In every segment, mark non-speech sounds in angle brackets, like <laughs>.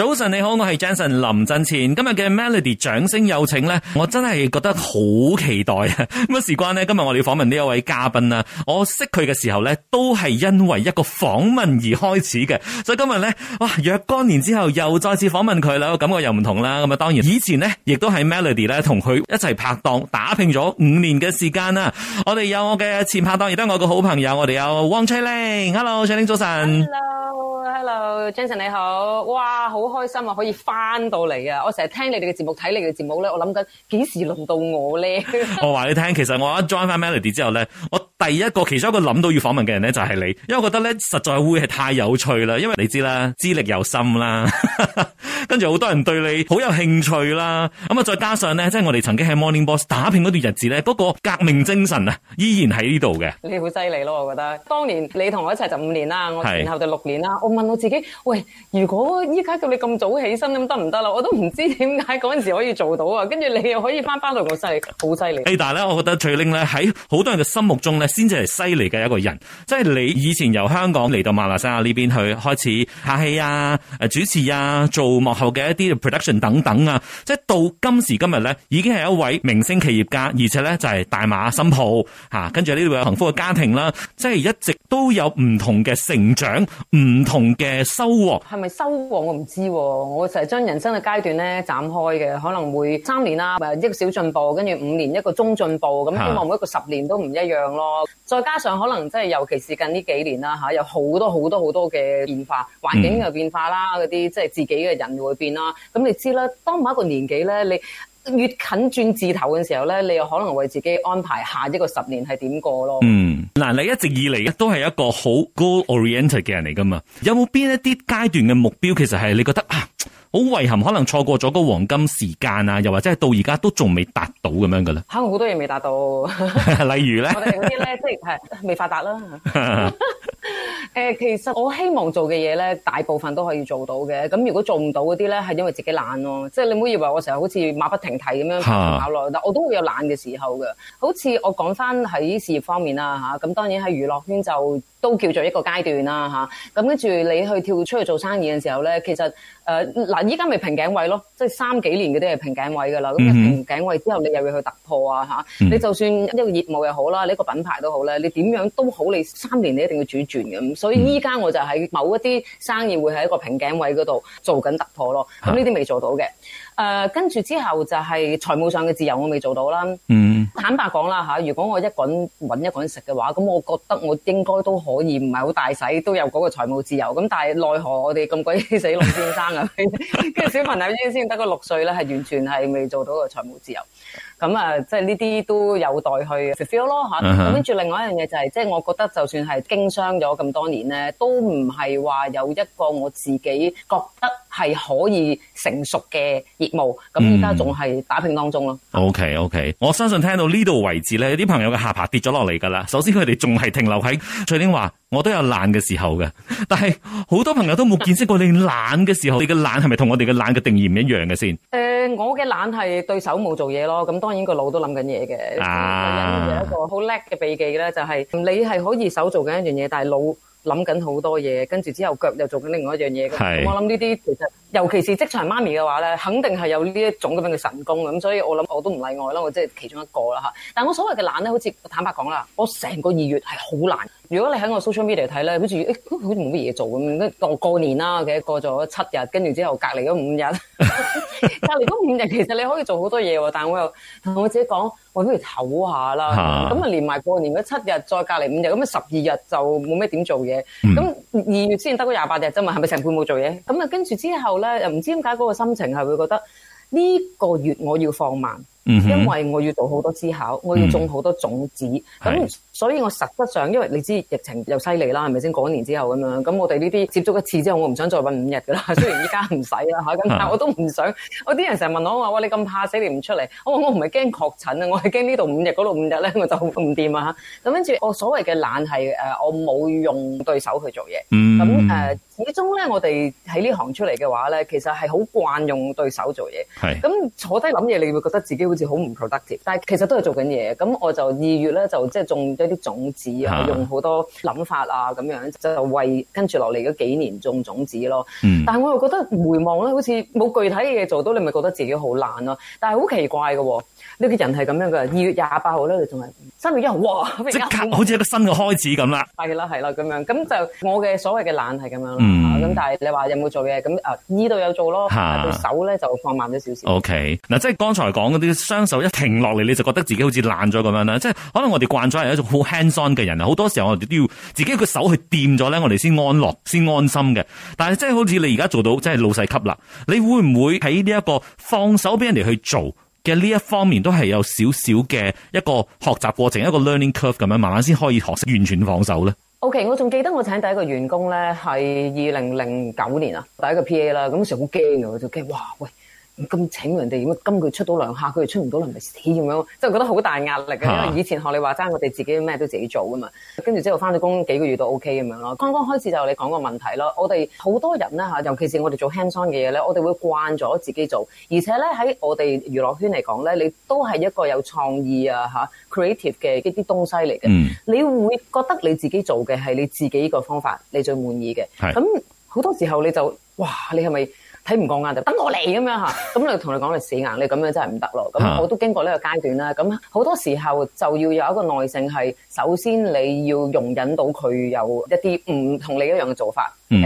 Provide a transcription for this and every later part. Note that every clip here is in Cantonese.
早晨，你好，我係 Jensen 林振前。今日嘅 Melody 掌聲有請咧，我真係覺得好期待啊！咁啊，事關呢，今日我哋要訪問呢一位嘉賓啊。我識佢嘅時候咧，都係因為一個訪問而開始嘅。所以今日咧，哇，若干年之後又再次訪問佢啦，感覺又唔同啦。咁啊，當然以前呢，亦都係 Melody 咧同佢一齊拍檔打拼咗五年嘅時間啦。我哋有我嘅前拍檔，亦都係我嘅好朋友，我哋有汪翠玲。Hello，翠玲早晨。Hello。hello，Jason 你好，哇，好開心啊，可以翻到嚟啊！我成日聽你哋嘅節目，睇你哋嘅節目咧，我諗緊幾時輪到我咧？ <laughs> 我話你聽，其實我一 join 翻 Melody 之後咧，我第一個其中一個諗到要訪問嘅人咧就係你，因為我覺得咧實在會係太有趣啦，因為你知啦，資歷又深啦， <laughs> 跟住好多人對你好有興趣啦，咁啊再加上咧，即係我哋曾經喺 Morning Boss 打拼嗰段日子咧，嗰個革命精神啊，依然喺呢度嘅。你好犀利咯，我覺得當年你同我一齊就五年啦，我然後就六年啦，我自己喂，如果依家叫你咁早起身咁得唔得啦？我都唔知點解嗰陣時可以做到啊！跟住你又可以翻翻到咁犀利，好犀利。Hey, 但係咧，我覺得徐令咧喺好多人嘅心目中咧，先至係犀利嘅一個人。即係你以前由香港嚟到馬來西亞呢邊去開始拍戲啊，誒主持啊，做幕後嘅一啲 production 等等啊，即係到今時今日咧，已經係一位明星企業家，而且咧就係大馬新抱吓，跟住呢度有幸福嘅家庭啦，即係一直都有唔同嘅成長，唔同。嘅收穫係咪收穫我唔知，我成日將人生嘅階段咧斬開嘅，可能會三年啦，誒一個小進步，跟住五年一個中進步，咁希望每一個十年都唔一樣咯、啊。再加上可能即係尤其是近呢幾年啦嚇，有好多好多好多嘅變化，環境嘅變化啦，嗰、嗯、啲即係自己嘅人會變啦。咁你知啦，當某一個年紀咧，你。越近轉字頭嘅時候咧，你又可能為自己安排下一個十年係點過咯。嗯，嗱，你一直以嚟都係一個好 goal oriented 嘅人嚟噶嘛有冇邊一啲階段嘅目標，其實係你覺得啊？好遺憾，可能錯過咗個黃金時間啊，又或者係到而家都仲未達到咁樣嘅啦。可能好多嘢未達到， <laughs> 例如咧呢， <laughs> 我哋嗰啲咧，即係未發達啦。誒、 <laughs> 呃，其實我希望做嘅嘢咧，大部分都可以做到嘅。咁如果做唔到嗰啲咧，係因為自己懶咯、啊。即係你唔好以為我成日好似馬不停蹄咁樣考慮， <laughs> 但我都會有懶嘅時候嘅。好似我講翻喺事業方面啊，吓，咁當然喺娛樂圈就。都叫做一個階段啦、吓，咁跟住你去跳出去做生意嘅時候咧，其實誒嗱，依家咪瓶頸位咯，即係三幾年啲係瓶頸位噶啦。咁、mm、-hmm. 瓶頸位之後，你又要去突破啊，吓，你就算一個業務又好啦，你一個品牌都好啦，你點樣都好，你三年你一定要主轉。咁所以依家我就喺某一啲生意會喺一個瓶頸位嗰度做緊突破咯。咁呢啲未做到嘅。啊誒，跟住之後就係財務上嘅自由，我未做到啦。Mm. 坦白講啦嚇，如果我一個人揾一個人食嘅話，咁我覺得我應該都可以唔係好大使，都有嗰個財務自由。咁但係奈何我哋咁鬼死老先生啊，跟 <laughs> 住 <laughs> 小朋友依家先得個六歲咧，係完全係未做到個財務自由。咁啊，即係呢啲都有待去 fulfil 咯嚇。跟、uh、住 -huh. 另外一樣嘢就係、是，即、就、係、是、我覺得就算係經商咗咁多年咧，都唔係話有一個我自己覺得，係可以成熟嘅業務，咁而家仲係打拼當中咯。OK OK，我相信聽到呢度為止咧，有啲朋友嘅下巴跌咗落嚟噶啦。首先佢哋仲係停留喺徐天華，我都有懶嘅時候嘅，但係好多朋友都冇見識過你懶嘅時候，你嘅懶係咪同我哋嘅懶嘅定義唔一樣嘅先？誒，我嘅懶係對手冇做嘢咯，咁當然個腦都諗緊嘢嘅。啊，有一個好叻嘅秘技咧，就係你係可以手做緊一樣嘢，但係腦。諗緊好多嘢，跟住之後腳又做緊另外一樣嘢。咁我諗呢啲其實。尤其是職場媽咪嘅話咧，肯定係有呢一種咁樣嘅神功咁，所以我諗我都唔例外啦，我即係其中一個啦吓。但我所謂嘅懶咧，好似坦白講啦，我成個二月係好懶。如果你喺我 social media 睇咧，好似誒，好似冇乜嘢做咁。我過年啦，嘅過咗七日，跟住之後隔離咗五日， <laughs> <laughs> <laughs> 隔離咗五日其實你可以做好多嘢喎。但我又同我自己講，我、哎、不如唞下啦。咁啊、嗯，連埋過年嗰七日，再隔離五日，咁啊十二日就冇咩點做嘢咁。二月先得嗰廿八日啫嘛，係咪成半冇做嘢？咁啊，跟住之後咧，又唔知點解嗰個心情係會覺得呢個月我要放慢。因為我要做好多思考，mm -hmm. 我要種好多種子，咁、mm -hmm. 所以我實質上，因為你知疫情又犀利啦，係咪先？過一年之後咁樣，咁我哋呢啲接觸一次之後，我唔想再搵五日噶啦。雖然依家唔使啦，吓咁，但係我都唔想。我啲人成日問我，話喂，你咁怕死，你唔出嚟？我話我唔係驚確診啊，我係驚呢度五日，嗰度五日咧，我就唔掂啊！咁跟住我所謂嘅懶係誒，我冇用對手去做嘢。咁、mm、誒 -hmm. 呃，始終咧，我哋喺呢行出嚟嘅話咧，其實係好慣用對手做嘢。係咁坐低諗嘢，你會，會覺得自己。好似好唔 productive，但係其實都係做緊嘢。咁我就二月咧就即係種一啲種子啊，用好多諗法啊咁樣，就為跟住落嚟嗰幾年種種子咯。嗯、但係我又覺得回望咧，好似冇具體嘅嘢做到，你咪覺得自己好懶咯。但係好奇怪嘅，呢個、呢啲人係咁樣嘅、啊嗯啊。二月廿八號咧，你仲係三月一號嘩，即刻好似一個新嘅開始咁啦。係啦，係啦，咁樣咁就我嘅所謂嘅懶係咁樣咯。咁但係你話有冇做嘢？咁啊，呢度有做咯，啊、但係手咧就放慢咗少少。O K，嗱，即係剛才講嗰啲。雙手一停落嚟，你就覺得自己好似爛咗咁樣啦。即係可能我哋慣咗係一種好 hands-on 嘅人啊，好多時候我哋都要自己個手去掂咗咧，我哋先安樂，先安心嘅。但係即係好似你而家做到即係老細級啦，你會唔會喺呢一個放手俾人哋去做嘅呢一方面都係有少少嘅一個學習過程，一個 learning curve 咁樣，慢慢先可以學識完全放手咧？OK，我仲記得我請第一個員工咧係二零零九年啊，第一個 PA 啦，嗰時好驚嘅，我就驚哇喂。咁請人哋咁，今佢出到兩下，佢哋出唔到，你咪死咁樣，即係覺得好大壓力嘅、啊。因為以前學你話齋，我哋自己咩都自己做噶嘛，跟住之後翻咗工幾個月都 OK 咁樣咯。剛剛開始就你講個問題咯，我哋好多人咧嚇，尤其是我哋做 hands-on 嘅嘢咧，我哋會慣咗自己做，而且咧喺我哋娛樂圈嚟講咧，你都係一個有創意啊，啊 creative 嘅一啲東西嚟嘅、嗯。你會覺得你自己做嘅係你自己個方法，你最滿意嘅。咁好、嗯、多時候你就哇，你係咪？睇唔過眼就等我嚟咁樣嚇，咁你同你講你死硬啊，你咁樣真係唔得咯。咁我都經過呢個階段啦。咁好多時候就要有一個耐性，係首先你要容忍到佢有一啲唔同你一樣嘅做法。嗯。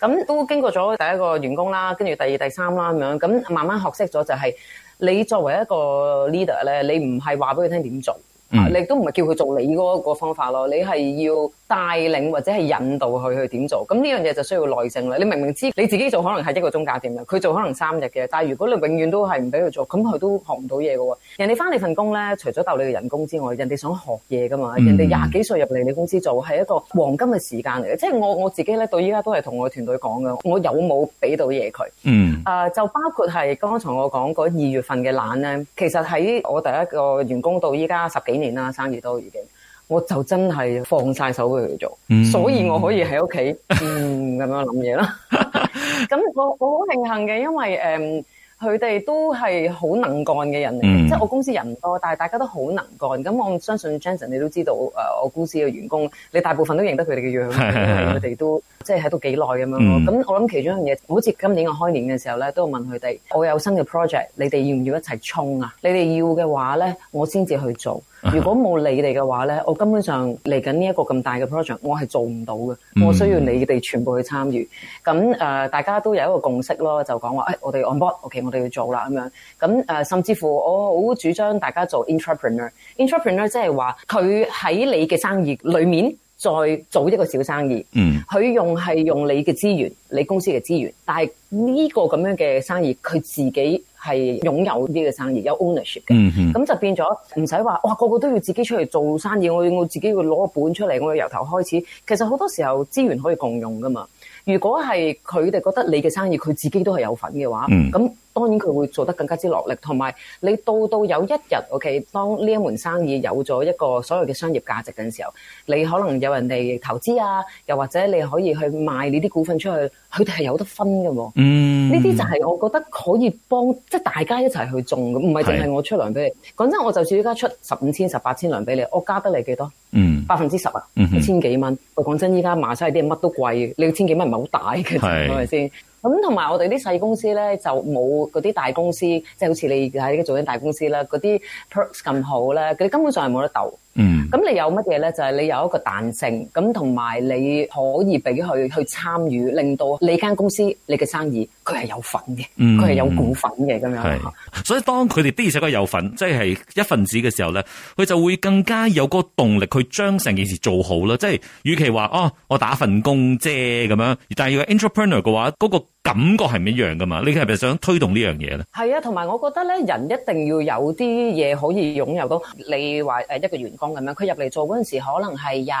咁都經過咗第一個員工啦，跟住第二、第三啦咁樣，咁慢慢學識咗就係你作為一個 leader 咧，你唔係話俾佢聽點做。嗯、你都唔係叫佢做你嗰個方法咯，你係要帶領或者係引導佢去點做。咁呢樣嘢就需要耐性啦。你明明知你自己做可能係一個鐘搞掂啦，佢做可能三日嘅。但係如果你永遠都係唔俾佢做，咁佢都學唔到嘢嘅喎。人哋返你份工咧，除咗鬥你嘅人工之外，人哋想學嘢噶嘛。嗯、人哋廿幾歲入嚟你公司做，係一個黃金嘅時間嚟嘅。即係我我自己咧，到依家都係同我嘅團隊講嘅，我有冇俾到嘢佢？嗯。Uh, 就包括係剛才我講嗰二月份嘅懶咧，其實喺我第一個員工到依家十幾幾年啦，生意都已經，我就真係放晒手畀佢做，嗯，所以我可以喺屋企咁樣諗嘢啦。咁 <laughs> 我我好慶幸嘅，因為誒，佢，嗯，哋都係好能幹嘅人嚟，即，嗯，係，就是，我公司人多，但係大家都好能幹。咁我相信 Jenson 你都知道，誒，呃，我公司嘅員工，你大部分都認得佢哋嘅樣，佢 <laughs> 哋都即係喺度幾耐咁樣囉。咁我諗其中一樣嘢，好似今年我開年嘅時候咧，都會問佢哋，我有新嘅 project，你哋要唔要一齊衝啊？你哋要嘅話咧，我先至去做。如果冇你哋嘅話咧，我根本上嚟緊呢一個咁大嘅 project，我係做唔到嘅。我需要你哋全部去參與。咁、嗯呃、大家都有一個共識咯，就講話、哎、我哋 on board，OK，、okay，我哋要做啦咁樣。咁、呃、甚至乎我好主張大家做 entrepreneur，entrepreneur 即 entrepreneur 係話佢喺你嘅生意裏面再做一個小生意。嗯。佢用係用你嘅資源，你公司嘅資源，但係呢個咁樣嘅生意，佢自己。係擁有呢啲嘅生意有 ownership 嘅，咁、嗯、就變咗唔使話哇個個都要自己出嚟做生意，我我自己要攞個本出嚟，我要由頭開始。其實好多時候資源可以共用噶嘛。如果係佢哋覺得你嘅生意佢自己都係有份嘅話，咁、嗯、當然佢會做得更加之落力。同埋你到到有一日 OK，當呢一門生意有咗一個所謂嘅商業價值嘅時候，你可能有人哋投資啊，又或者你可以去賣你啲股份出去，佢哋係有得分㗎喎、啊。嗯。呢、嗯、啲就係我覺得可以幫，即、就、係、是、大家一齊去種的，唔係淨係我出糧俾你。講真，我就算依家出十五千、十八千糧俾你，我加得你幾多？嗯，百分之十啊，千幾蚊。喂，講真，依家馬西啲嘢乜都貴嘅，你千幾蚊唔係好大嘅，係咪先？咁同埋我哋啲細公司咧，就冇嗰啲大公司，即、就、係、是、好似你喺呢個做緊大公司啦，嗰啲 perks 咁好啦，佢哋根本上係冇得鬥。嗯，咁你有乜嘢咧？就係、是、你有一個彈性，咁同埋你可以俾佢去參與，令到你間公司你嘅生意佢係有份嘅，佢、嗯、係有股份嘅咁樣，所以當佢哋的而且佢有份，即、就、係、是、一份子嘅時候咧，佢就會更加有個動力去將成件事做好啦。即係與其話哦，我打份工啫咁樣，但係要果 entrepreneur 嘅話，嗰、那個感覺係唔一樣噶嘛？你係咪想推動呢樣嘢咧？係啊，同埋我覺得咧，人一定要有啲嘢可以擁有到。你話誒一個員工咁樣，佢入嚟做嗰陣時，可能係廿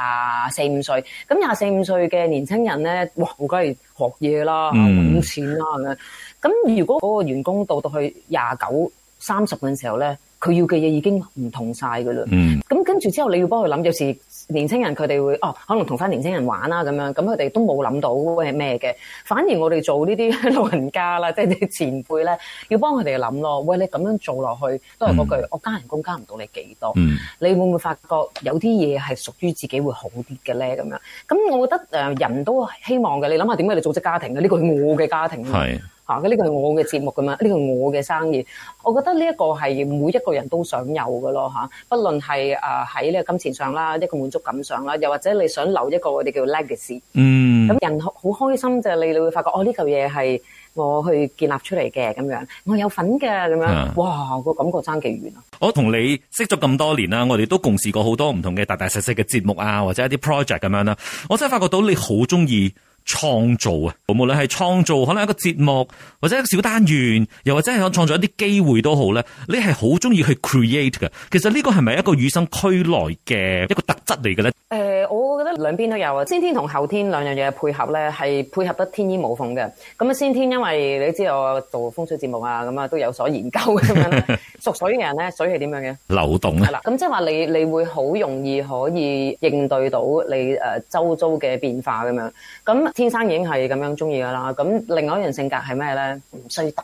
四五歲。咁廿四五歲嘅年輕人咧，哇！梗係學嘢啦，揾錢啦咁樣。咁如果嗰個員工到到去廿九三十嘅時候咧，佢要嘅嘢已經唔同曬㗎喇，咁跟住之後你要幫佢諗，有時年輕人佢哋會哦，可能同翻年輕人玩啦咁樣，咁佢哋都冇諗到係咩嘅，反而我哋做呢啲老人家啦，即係啲前輩咧，要幫佢哋諗咯。喂，你咁樣做落去都係嗰句，我加人工加唔到你幾多？你會唔會發覺有啲嘢係屬於自己會好啲嘅咧？咁樣，咁我覺得誒人都希望嘅。你諗下點解你組織家庭啊？呢個係我嘅家庭。係。咁呢個係我嘅節目咁樣，呢個係我嘅生意，我覺得呢一個係每一個人都想有嘅咯嚇，不論係誒喺呢個金錢上啦，一個滿足感上啦，又或者你想留一個我哋叫 legacy。嗯。咁人好開心就係你，你會發覺哦呢嚿嘢係我去建立出嚟嘅咁樣，我有份嘅咁樣，哇個、嗯、感覺爭幾遠啊！我同你識咗咁多年啦，我哋都共事過好多唔同嘅大大細細嘅節目啊，或者一啲 project 咁樣啦，我真係發覺到你好中意。創造啊！無論係創造可能一個節目或者一個小單元，又或者係創造一啲機會都好咧，你係好中意去 create 㗎。其實呢個係咪一個與生俱來嘅一個特質嚟嘅咧？誒、呃，我覺得兩邊都有啊，先天同後天兩樣嘢配合咧，係配合得天衣無縫嘅。咁啊，先天因為你知道我做風水節目啊，咁啊都有所研究咁 <laughs> 樣。屬水嘅人咧，水係點樣嘅？流動啊、咁、即係話你你會好容易可以應對到你誒、呃、周遭嘅變化咁樣咁。天生已經係咁樣中意噶啦，咁另外一樣性格係咩咧？唔衰得。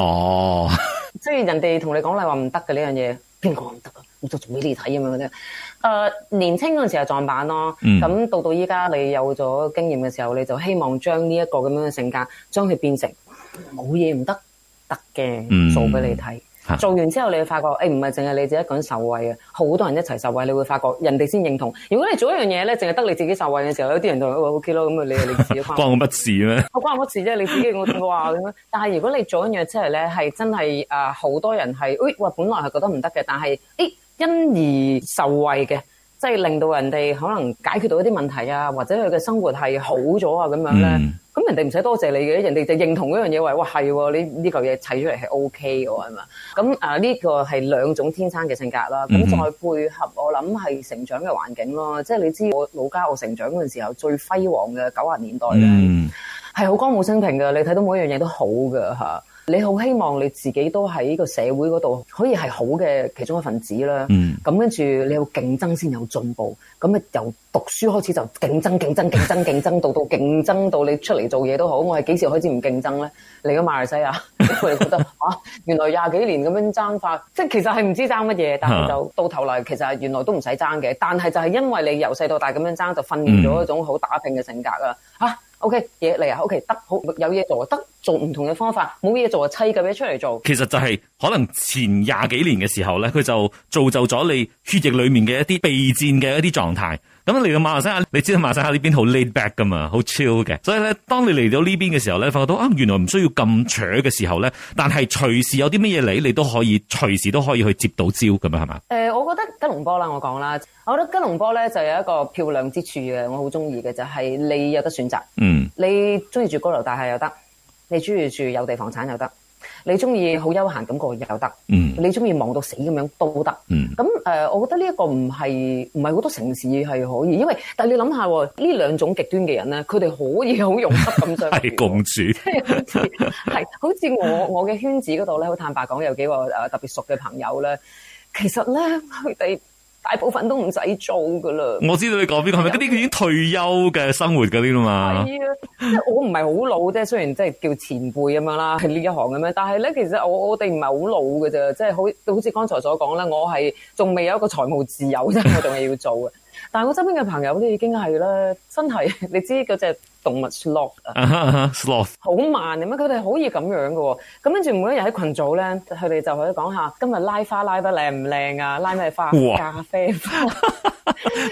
哦 <laughs> 即是人跟你說你說，所以人哋同你講你話唔得嘅呢樣嘢，邊個唔得啊？我就做俾你睇咁樣嘅啫。誒，年輕嗰陣時係撞板咯，咁到到依家你有咗經驗嘅時候，嗯、你就希望將呢一個咁樣嘅性格，將佢變成冇嘢唔得，得嘅做俾你睇。嗯做完之後，你會發覺，誒唔係淨係你自己一個人受惠啊！好多人一齊受惠，你會發覺人哋先認同。如果你做一樣嘢咧，淨係得你自己受惠嘅時候，有啲人就會 OK 咯。咁啊，你你自己關關我乜事咩？我關我乜事啫？你自己我話咁樣。但係如果你做一樣嘢出嚟，咧，係真係啊，好多人係，誒、哎、喂、呃、本來係覺得唔得嘅，但係誒、哎、因而受惠嘅。即係令到人哋可能解決到一啲問題啊，或者佢嘅生活係好咗啊咁樣咧，咁、mm -hmm. 人哋唔使多謝你嘅，人哋就認同嗰樣嘢，話哇係喎，你呢嚿嘢砌出嚟係 O K 嘅喎，係嘛？咁啊呢、呢個係兩種天生嘅性格啦，咁再配合我諗係成長嘅環境咯。Mm -hmm. 即係你知我老家我成長嗰陣時候最輝煌嘅九十年代咧，係、mm、好 -hmm. 歌舞升平嘅，你睇到每一樣嘢都好嘅。你好希望你自己都喺個社會嗰度可以係好嘅其中一份子啦。咁跟住你要競爭先有進步，咁啊由讀書開始就競爭競爭競爭競爭到到競爭到你出嚟做嘢都好，我係幾時開始唔競爭咧？嚟咗馬來西亞，我哋覺得、 <laughs> 啊、原來廿幾年咁樣爭法，即係其實係唔知爭乜嘢，但係就到頭嚟其實原來都唔使爭嘅。但係就係因為你由細到大咁樣爭，就訓練咗一種好打拼嘅性格 <laughs> 啊！O K，嘢嚟啊！O K，得好，好有嘢做啊，得做唔同嘅方法，冇嘢做啊，砌咁樣出嚟做。其實就係可能前廿幾年嘅時候咧，佢就造就咗你血液裏面嘅一啲備戰嘅一啲狀態。咁你嚟到馬來西亞，你知道馬來西亞呢邊好 laid back 噶嘛，好 chill 嘅。所以咧，當你嚟到呢邊嘅時候咧，發覺到啊，原來唔需要咁扯嘅時候咧，但係隨時有啲咩嘢嚟，你都可以隨時都可以去接到招咁樣係嘛？誒、呃，我覺得吉隆坡啦，我講啦，我覺得吉隆坡咧就有一個漂亮之處嘅，我好中意嘅就係、是、你有得選擇，嗯，你中意住高樓大廈又得，你中意住有地房產又得。你中意好休閒咁過日又得，你中意忙到死咁樣都得。咁、嗯、誒、呃，我覺得呢一個唔係唔係好多城市係可以，因為但你諗下呢兩種極端嘅人咧，佢哋可以好容 <laughs> 係共主係好融洽咁相處，即 <laughs> 係好似好似我我嘅圈子嗰度咧，好坦白講有幾個誒特別熟嘅朋友咧，其實咧佢哋。大部分都唔使做噶啦，我知道你講邊個，係咪？嗰啲，佢已經退休嘅生活嗰啲啦嘛。係啊，即係我唔係好老啫，雖然即係叫前輩咁樣啦，係呢一行咁樣。但係咧，其實我我哋唔係好老㗎啫，即係好好似剛才所講呢，我係仲未有一個財務自由，所以我仲係要做嘅。 <laughs> 但係我周邊嘅朋友咧已經係啦，真係你知嗰隻動物 slod 啊、uh -huh, uh -huh, sloth 好慢啊嘛，佢哋好易咁樣嘅，咁跟住每一日喺群組咧，佢哋就可以講下今日拉花拉得靚唔靚啊，拉咩？花，咖啡花，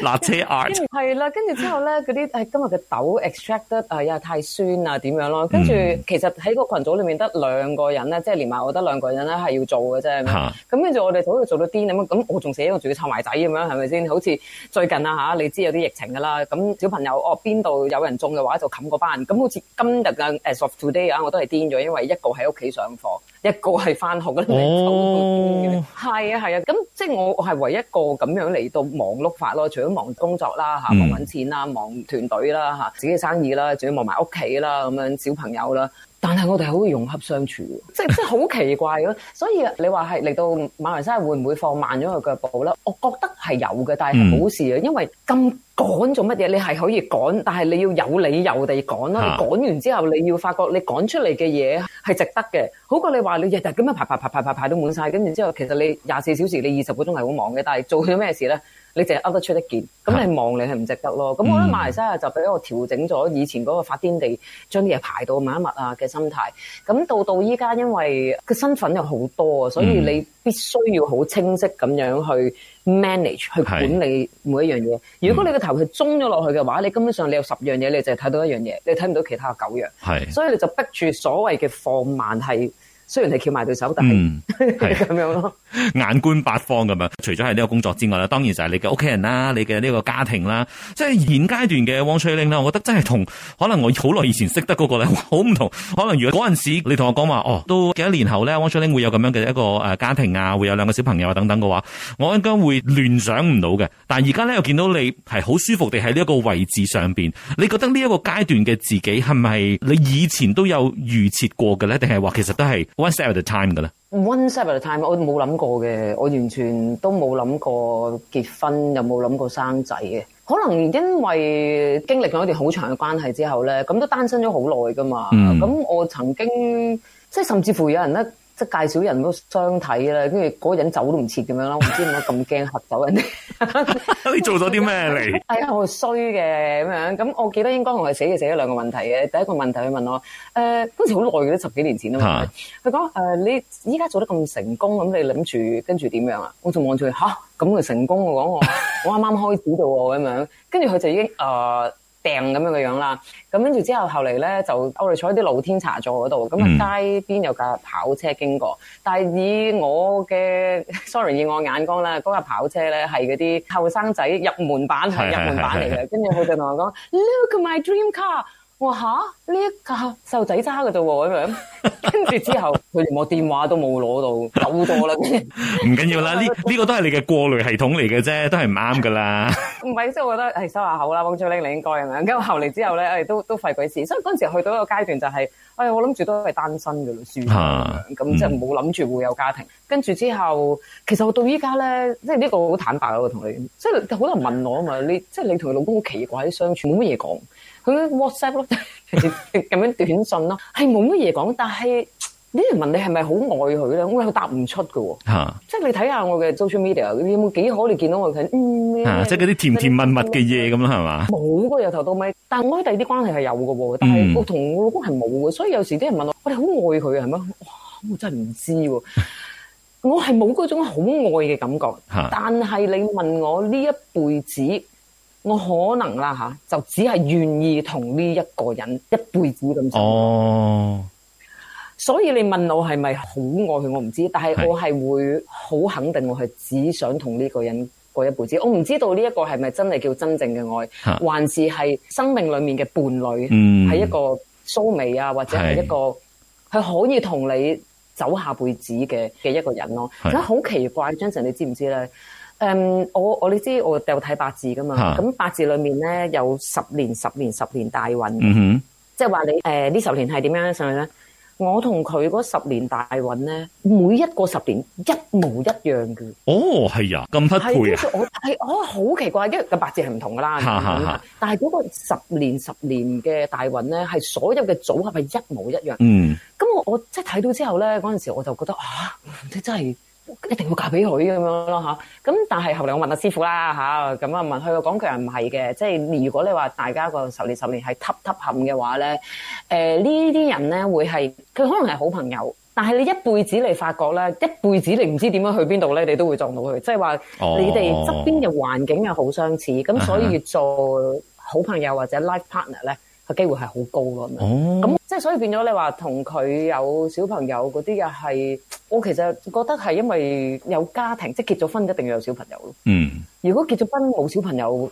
辣 <laughs> 椒 <laughs> 係啦，跟住之後咧嗰啲今日嘅豆 extract 得誒呀，太酸啊點樣咯，跟住其實喺個群組裏面得兩個人咧，即係連埋我得兩個人咧係要做嘅啫，咁跟住我哋就可以做到癲咁樣，咁我仲寫住要湊埋仔咁樣係咪先？好似最。近啦嚇，你知有啲疫情㗎啦，咁小朋友哦，邊度有人中嘅話就冚嗰班。咁好似今日嘅誒 as of today 啊，我都係癲咗，因為一個喺屋企上課，一個係返學嗰啲嚟抽嗰啲。係啊係啊，咁即係我我係唯一一個咁樣嚟到忙碌法咯，除咗忙工作啦嚇，忙揾錢啦，忙團隊啦嚇，自己嘅生意啦，仲要忙埋屋企啦，咁樣小朋友啦。但係我哋好會融洽相處，即係即好奇怪咯。 <laughs> 所以你話係嚟到馬來西亞係會唔會放慢咗佢腳步呢？我覺得係有嘅，但係好事啊。因為咁趕做乜嘢？你係可以趕，但係你要有理由地趕啦。你趕完之後，你要發覺你趕出嚟嘅嘢係值得嘅。好過你話你日日咁樣排排排排排排到滿晒。跟住之後其實你廿四小時你二十個鐘係好忙嘅，但係做咗咩事呢？你凈係噏得出一件，咁你望你係唔值得咯？咁我覺得馬來西亞就俾我調整咗以前嗰個發癲地將啲嘢排到密密啊嘅心態，咁到到依家因為個身份有好多啊，所以你必須要好清晰咁樣去 manage 去管理每一樣嘢。如果你個頭係中咗落去嘅話，你根本上你有十樣嘢，你淨係睇到一樣嘢，你睇唔到其他九樣。係，所以你就逼住所謂嘅放慢係。雖然係翹埋對手但嗯，係咁樣咯。 <laughs> 眼觀八方咁樣，除咗係呢個工作之外咧，當然就係你嘅屋企人啦，你嘅呢個家庭啦。即係現階段嘅汪翠玲啦，我覺得真係同可能我好耐以前識得嗰、嗰個咧好唔同。可能如果嗰陣時你同我講話，哦，都幾多年後咧，汪翠玲會有咁樣嘅一個誒家庭啊，會有兩個小朋友啊等等嘅話，我應該會聯想唔到嘅。但係而家咧又見到你係好舒服地喺呢一個位置上邊，你覺得呢一個階段嘅自己係咪你以前都有預設過嘅咧，定係話其實都係？One separate time 嘅啦。One separate time，我冇諗過嘅，我完全都冇諗過結婚，又冇諗過生仔嘅。可能因為經歷咗一段好長嘅關係之後咧，咁都單身咗好耐噶嘛。咁、mm. 我曾經即係甚至乎有人咧。即介紹人都相睇啦，跟住嗰個人走都唔切咁樣啦，我唔知點解咁驚嚇走人哋。你做咗啲咩嚟？係呀，我衰嘅咁樣。咁我記得應該同佢寫嘢寫咗兩個問題嘅。第一個問題佢問我：誒，當時好耐嘅，都十幾年前啊嘛。佢講誒，你依家做得咁成功，咁你諗住跟住點樣啊？我仲望住佢嚇，咁嘅成功，我講我我啱啱開始到喎，咁樣。跟住佢就已經誒。病咁樣嘅樣啦，咁跟住之後，後呢，後嚟咧就我哋坐喺啲露天茶座嗰度，咁啊街邊有架跑車經過，嗯、但係以我嘅 sorry 以我眼光啦，嗰架跑車咧係嗰啲後生仔入門版，是是是是入門版嚟嘅，是是是是跟住佢就同我講 <laughs> ，Look at my dream car。嘩，吓呢一架細路仔揸嘅啫喎，咁樣跟住之後佢連我電話都冇攞到，走多 <laughs> 係啦。唔緊要啦，呢呢個都係你嘅過濾系統嚟嘅啫，都係唔啱噶啦。唔係，即係我覺得係、哎、收下口啦，幫張 l 你應該咁樣。跟住後嚟之後咧，誒、哎、都都費鬼事。所以嗰陣時去到一個階段就係、是，誒、哎、我諗住都係單身噶啦，啊、算咁咁即係冇諗住會有家庭。跟、嗯、住之後，其實我到依家咧，即係呢個好坦白啊，我同你，即係好多人問我啊嘛，你即係你同你老公好奇怪喺相處，冇乜嘢講。佢 WhatsApp 咯，其實咁樣短信咯，係冇乜嘢講。但係啲人問你係咪好愛佢咧，我答唔出嘅。吓，即係你睇下我嘅 social media，你有冇幾可你見到我睇？吓，即係嗰啲甜甜蜜蜜嘅嘢咁啦，係嘛？冇噶，由頭到尾。但係我喺第二啲關係係有嘅，但係我同我老公係冇嘅。所以有時啲人問我，我哋好愛佢係咩？哇，我真係唔知。我係冇嗰種好愛嘅感覺。吓，但係你問我呢一輩子。我可能啦吓、啊，就只係願意同呢一個人一輩子咁做。所以你問我係咪好愛佢，我唔知。但係我係會好肯定，我係只想同呢個人過一輩子。我唔知道呢一個係咪真係叫真正嘅愛，是還是係生命裏面嘅伴侶，係、嗯、一個蘇美啊，或者係一個佢可以同你走下輩子嘅嘅一個人咯。好奇怪，張成你知唔知咧？Um, 我我你知我有睇八字噶嘛？咁、啊、八字裏面咧有十年、十年、十年大運，即係話你呢、呃、十年係點樣？上去咧，我同佢嗰十年大運咧，每一個十年一模一樣嘅。哦，係啊，咁匹配啊？係、我我好奇怪，因為個八字係唔同噶啦、啊啊嗯，但係嗰個十年、十年嘅大運咧，係所有嘅組合係一模一樣。嗯。咁我我即係睇到之後咧，嗰陣時我就覺得啊，你真係～一定要嫁俾佢咁樣咯，嚇，咁但係後嚟我問阿師傅啦嚇，咁啊問佢個廣強唔係嘅，即係如果你話大家個十年十年係塌塌冚嘅話咧，誒呢啲人咧會係佢可能係好朋友，但係你一輩子你發覺咧，一輩子你唔知點樣去邊度咧，你都會撞到佢，即係話你哋側邊嘅環境又好相似，咁所以做好朋友或者 life partner 咧。個機會係好高咯，咁即係所以變咗你話同佢有小朋友嗰啲嘅係，我其實覺得係因為有家庭，即係結咗婚一定要有小朋友咯。嗯，如果結咗婚冇小朋友，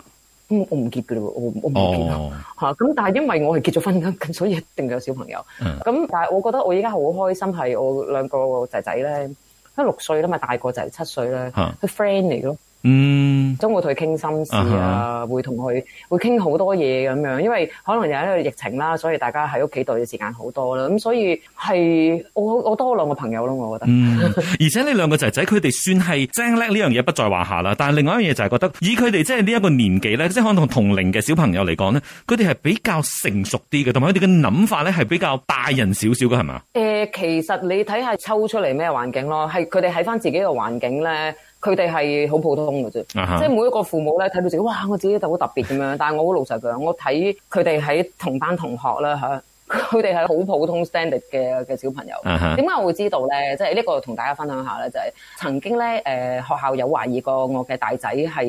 咁我唔結嘅咯，我我唔結啦嚇。咁但係因為我係結咗婚啦，咁所以一定有小朋友。嗯，咁但係我覺得我依家好開心係我兩個仔仔咧，都六歲啦嘛，大個仔七歲咧，佢 friend 嚟咯。嗯，都會同佢傾心事啊，uh -huh. 會同佢會傾好多嘢咁樣，因為可能又係一個疫情啦，所以大家喺屋企待嘅時間好多啦，咁所以係我我多兩個朋友咯，我覺得、嗯。而且呢兩個仔仔，佢 <laughs> 哋算係精叻呢樣嘢不在話下啦，但係另外一樣嘢就係覺得，以佢哋即係呢一個年紀咧，即係可能同同齡嘅小朋友嚟講咧，佢哋係比較成熟啲嘅，同埋佢哋嘅諗法咧係比較大人少少嘅，係嘛？誒、呃，其實你睇下抽出嚟咩環境咯，係佢哋喺翻自己個環境咧。佢哋係好普通嘅啫，uh -huh. 即係每一個父母咧睇到自己，哇！我自己就好特別咁樣。但係我好老實講，我睇佢哋喺同班同學啦嚇。佢哋係好普通 standard 嘅嘅小朋友，點解我會知道咧？即係呢個同大家分享一下咧、就是，就係曾經咧誒、呃、學校有懷疑過我嘅大仔係誒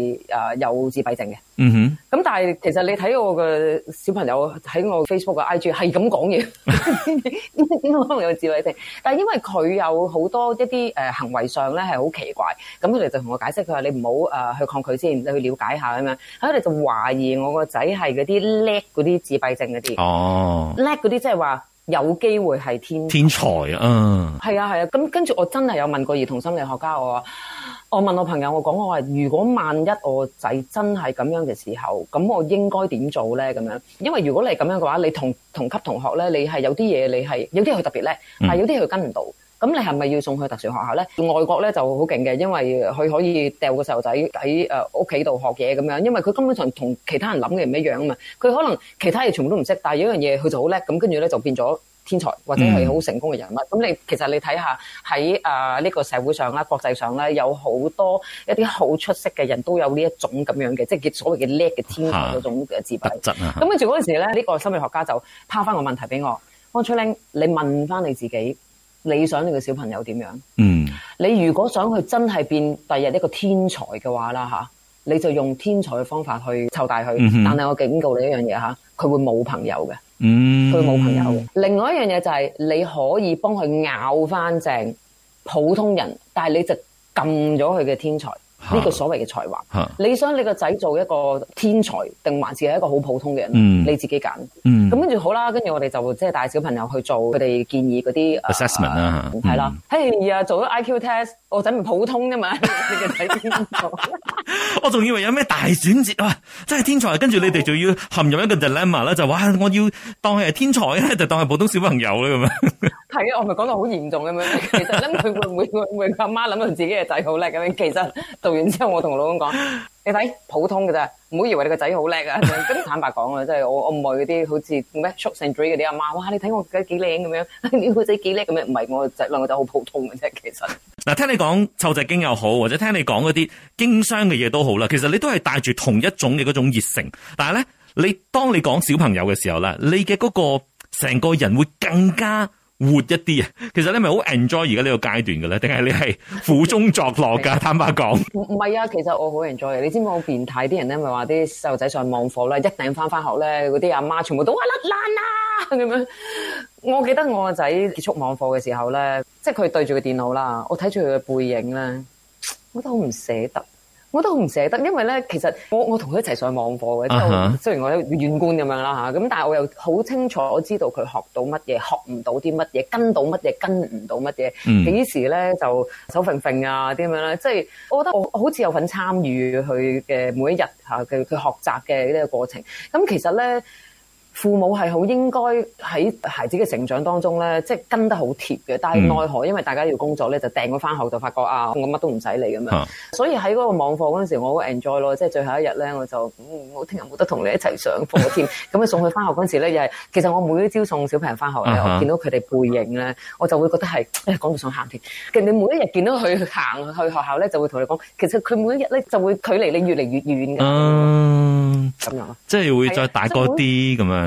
有自閉症嘅。嗯哼，咁但係其實你睇我嘅小朋友喺我 Facebook 嘅 I G 係咁講嘢，點 <laughs> 解 <laughs> 有自閉症？但係因為佢有好多一啲誒行為上咧係好奇怪，咁佢哋就同我解釋，佢話你唔好誒去抗拒先，你去了解一下咁樣。佢哋就懷疑我個仔係嗰啲叻嗰啲自閉症嗰啲。哦，叻。啲即係話有機會係天才啊。係啊，係啊，咁跟住我真係有問過兒童心理學家我話，我問我朋友我講我話，如果萬一我仔真係咁樣嘅時候，咁我應該點做咧咁樣？因為如果你係咁樣嘅話，你同同級同學咧，你係有啲嘢你係有啲佢特別叻，但係有啲佢跟唔到。咁你係咪要送去特殊學校咧？外國咧就好勁嘅，因為佢可以掉個細路仔喺誒屋企度學嘢咁樣，因為佢根本上同其他人諗嘅唔一樣啊嘛。佢可能其他嘢全部都唔識，但係有一樣嘢佢就好叻，咁跟住咧就變咗天才或者係好成功嘅人物。咁你其實你睇下喺啊呢個社會上啦、國際上咧，有好多一啲好出色嘅人都有呢一種咁樣嘅，即係叫所謂嘅叻嘅天才嗰種嘅自閉。咁跟住嗰陣時咧，呢個心理學家就拋翻個問題俾我，Andrew，你問翻你自己。你想你個小朋友點樣？嗯，你如果想佢真係變第日一個天才嘅話啦吓，你就用天才嘅方法去湊大佢，嗯。但係我警告你一樣嘢吓，佢會冇朋友嘅。嗯，佢冇朋友嘅。另外一樣嘢就係你可以幫佢拗翻正普通人，但係你就撳咗佢嘅天才。呢個所謂嘅才華，啊，你想你個仔做一個天才，定還是係一個好普通嘅人，嗯？你自己揀。咁跟住好啦，跟住我哋就即係帶小朋友去做佢哋建議嗰啲 assessment 啦，係啦。嘿、呃、呀、啊嗯，做咗 IQ test，我仔唔普通啫嘛， <laughs> 你嘅仔邊個？我仲以為有咩大轉折哇真係天才，跟住你哋就要陷入一個 dilemma 咧，就話我要當佢係天才咧，就當係普通小朋友啦咁樣。係 <laughs> 啊，我咪講 <laughs> 到好嚴重咁樣。其實，諗佢會唔會會佢阿媽諗到自己嘅仔好叻咁？其實導完之後，我同老公講。 <laughs> 你睇普通嘅啫，唔好以為你個仔好叻啊！咁 <laughs> 坦白講啊，即、就、係、是、我我唔係嗰啲好似咩 short and three 嗰啲阿媽，哇你睇我仔幾靚咁樣，你、哎、個仔幾叻咁樣，唔係我個仔，兩個仔好普通嘅啫。其實嗱，聽你講湊仔經又好，或者聽你講嗰啲經商嘅嘢都好啦。其實你都係帶住同一種嘅嗰種熱誠。但係咧，你當你講小朋友嘅時候咧，你嘅嗰、那個成個人會更加。活一啲啊！其實你咪好 enjoy 而家呢個階段嘅咧，定係你係苦中作樂噶？ <laughs> 坦白講，唔係啊！其實我好 enjoy 你知唔知我變態啲人咧，咪話啲細路仔上網課咧，一定翻翻學咧，嗰啲阿媽全部都話甩爛啦咁樣。我記得我個仔結束網課嘅時候咧，即係佢對住個電腦啦，我睇住佢嘅背影咧，我覺得好唔捨得。我都唔捨得，因為咧，其實我我同佢一齊上網課嘅，之後。Uh-huh. 雖然我喺遠觀咁樣啦，咁但係我又好清楚，我知道佢學到乜嘢，學唔到啲乜嘢，跟到乜嘢，跟唔到乜嘢，幾時咧，mm. 就手揈揈啊啲咁樣啦。即係，我覺得我好似有份參與佢嘅每一日佢、啊、學習嘅呢個過程。咁、嗯、其實咧。父母係好應該喺孩子嘅成長當中咧，即係跟得好貼嘅。但係奈何因為大家要工作咧，就掟咗翻學就發覺啊，我乜都唔使理咁樣。所以喺嗰個網課嗰陣時，我好 enjoy 咯。即係最後一日咧，我就我聽日冇得同你一齊上課添。咁啊送去翻學嗰陣時咧，又係其實我每一朝送小朋友翻學咧，我見到佢哋背影咧，我就會覺得係唉，講到想喊添。其實你每一日見到佢行去學校咧，就會同你講，其實佢每一日咧就會距離你越嚟越遠嘅。嗯，咁樣咯，即係會再大個啲咁樣。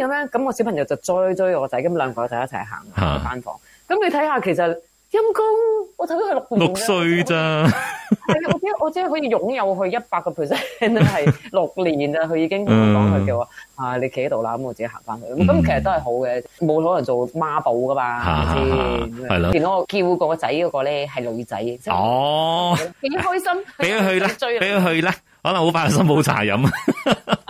咁咧，咁我小朋友就追追我個仔，咁兩個仔一齊行翻房。咁你睇下，其實陰公，我睇到佢六六歲咋？ <laughs> 我知，我只係可以擁有佢一百個 percent 咧，係六年啊，佢已經同我講佢叫我啊，你企喺度啦，咁我自己行翻去。咁、嗯、其實都係好嘅，冇可能做孖寶噶嘛，啊、知唔知？係、啊、咯。變、啊、咗叫過個仔嗰個咧係女仔，真哦，幾開心。俾佢去啦，追俾佢去啦。 <laughs> 可能好快心冇茶飲啊！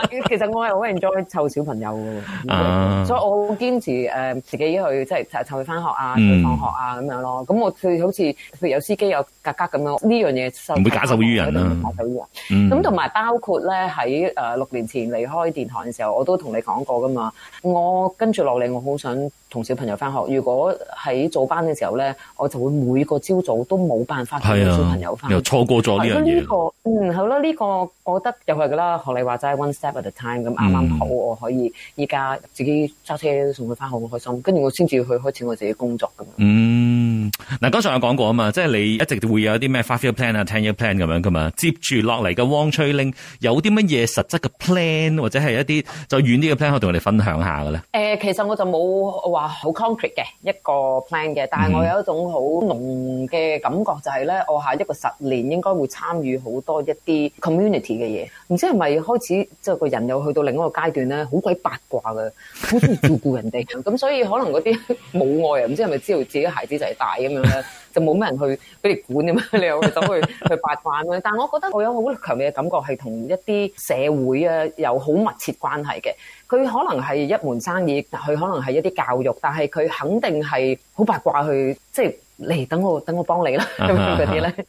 其實我係好 enjoy 湊小朋友嘅，uh, 所以我好堅持誒，自己去即係湊佢翻學啊，放學啊咁、嗯、樣咯。咁我佢好似譬如有司機有格格咁樣呢樣嘢唔會假手於人啊！假手於人。咁同埋包括咧喺誒六年前離開電台嘅時候，我都同你講過㗎嘛。我跟住落嚟，我好想同小朋友翻學。如果喺早班嘅時候咧，我就會每個朝早都冇辦法同小朋友翻學，啊、又錯過咗呢樣嘢。呢個嗯好啦，呢個。嗯我覺得又係噶啦，學你話齋，one step at a time 咁啱啱好、嗯，我可以依家自己揸車送佢翻，好開心。跟住我先至去開始我自己工作咁。嗯，嗱，剛才我講過啊嘛，即係你一直會有啲咩 five-year plan 啊，ten-year plan 咁樣噶嘛，接住落嚟嘅汪翠玲有啲乜嘢實質嘅 plan 或者係一啲就遠啲嘅 plan，可同我哋分享下嘅咧？誒、呃，其實我就冇話好 concrete 嘅一個 plan 嘅，但係我有一種好濃嘅感覺、就是，就係咧，我下一個十年應該會參與好多一啲 community 嘅嘢，唔知係咪開始，即係個人又去到另一個階段咧，好鬼八卦嘅，好中意照顧人哋，咁 <laughs> 所以可能嗰啲母愛啊，唔知係咪知道自己孩子仔大咁樣咧， <laughs> 就冇咩人去俾你管咁樣，你又走去去八卦咁樣。但係我覺得我有好強烈嘅感覺，係同一啲社會啊有好密切關係嘅，佢可能係一門生意，佢可能係一啲教育，但係佢肯定係好八卦去即。嚟等我等我幫你啦咁樣啊,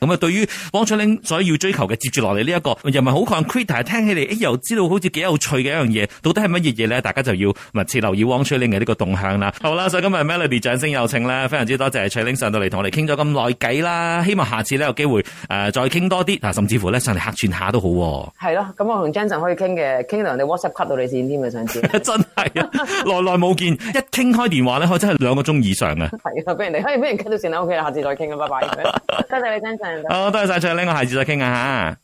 啊,啊對於汪卓玲所要追求嘅接住落嚟呢一個又唔係好 concrete，聽起嚟、哎、又知道好似幾有趣嘅一樣嘢，到底係乜嘢嘢咧？大家就要密、嗯、切留意汪卓玲嘅呢個動向啦。 <laughs> 好啦，所以今日 Melody 掌聲有請咧，非常之多謝卓玲上到嚟同我哋傾咗咁耐偈啦，希望下次呢，有機會誒、呃、再傾多啲，甚至乎咧上嚟客串下都好喎、啊。係咯、啊，咁、嗯、我同 Jensen 可以傾嘅，傾到人哋 WhatsApp cut 到你先添、嗯、 <laughs> 是啊！上次真係啊，耐耐冇見，一傾開電話呢，可以真係兩個鐘以上啊！係啊，俾人哋 O.K.，下次再傾啦，拜拜。多謝你真好， <laughs> 多謝曬你，再呢個下次再傾啊嚇。